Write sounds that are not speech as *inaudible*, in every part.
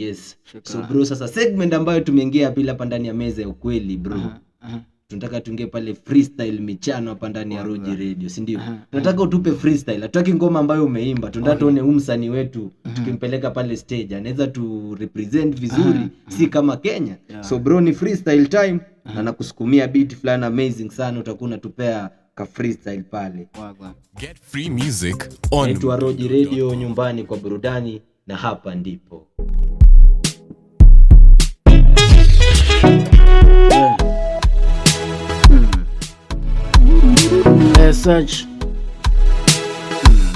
yes Shuka. so bro sasa segment ambayo tumeingia hapa hapa ndani ya meza ya ukweli bro uh -huh. Uh -huh. tunataka tuingie pale freestyle michano hapa ndani ya roji radio si ndio tunataka utupe freestyle hatutaki ngoma ambayo umeimba tunataka okay. tuone umsanii wetu tukimpeleka pale stage anaweza tu represent vizuri si kama kenya yeah. so bro ni freestyle time uh-huh. na nakusukumia beat fulani amazing sana utakuwa unatupea ka freestyle pale get free music on Radio nyumbani kwa burudani na hapa ndipo search hmm.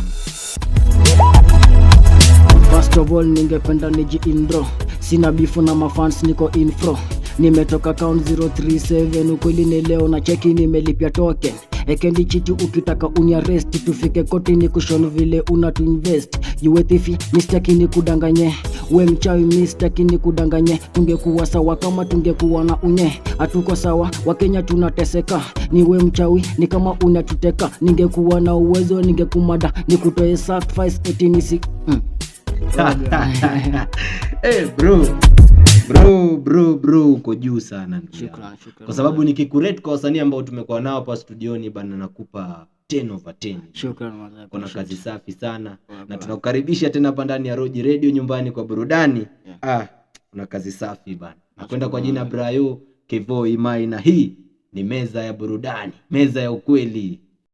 First of all, ningependa niji indro sina bifu na mafans, niko infro nimetoka count 037 ukweli ni leo na cheki nimelipia token ekendi chichi ukitaka uniaresti tufike koti ni kushon vile unatuinvest juwethifi mistaki ni kudanganye we mchawi mista kini kudanganye, tungekuwa sawa kama tungekuwa na unye. Hatuko sawa, Wakenya tunateseka, ni we mchawi, ni kama unatuteka. Ningekuwa na uwezo ningekumada, nikutoe sacrifice eti nisi mm. hey, *laughs* eh, bro bro bro bro, uko juu sana, shukran, shukran, kwa sababu nikikurate kwa wasanii ambao tumekuwa nao hapa studioni bana, nakupa kuna kazi safi sana na tunakukaribisha tena hapa ndani ya Roji redio nyumbani kwa burudani. Yeah. Ah, kuna kazi safi bana. Nakwenda kwa jina Brayo Kevo Imai na hii ni meza ya burudani, meza ya ukweli.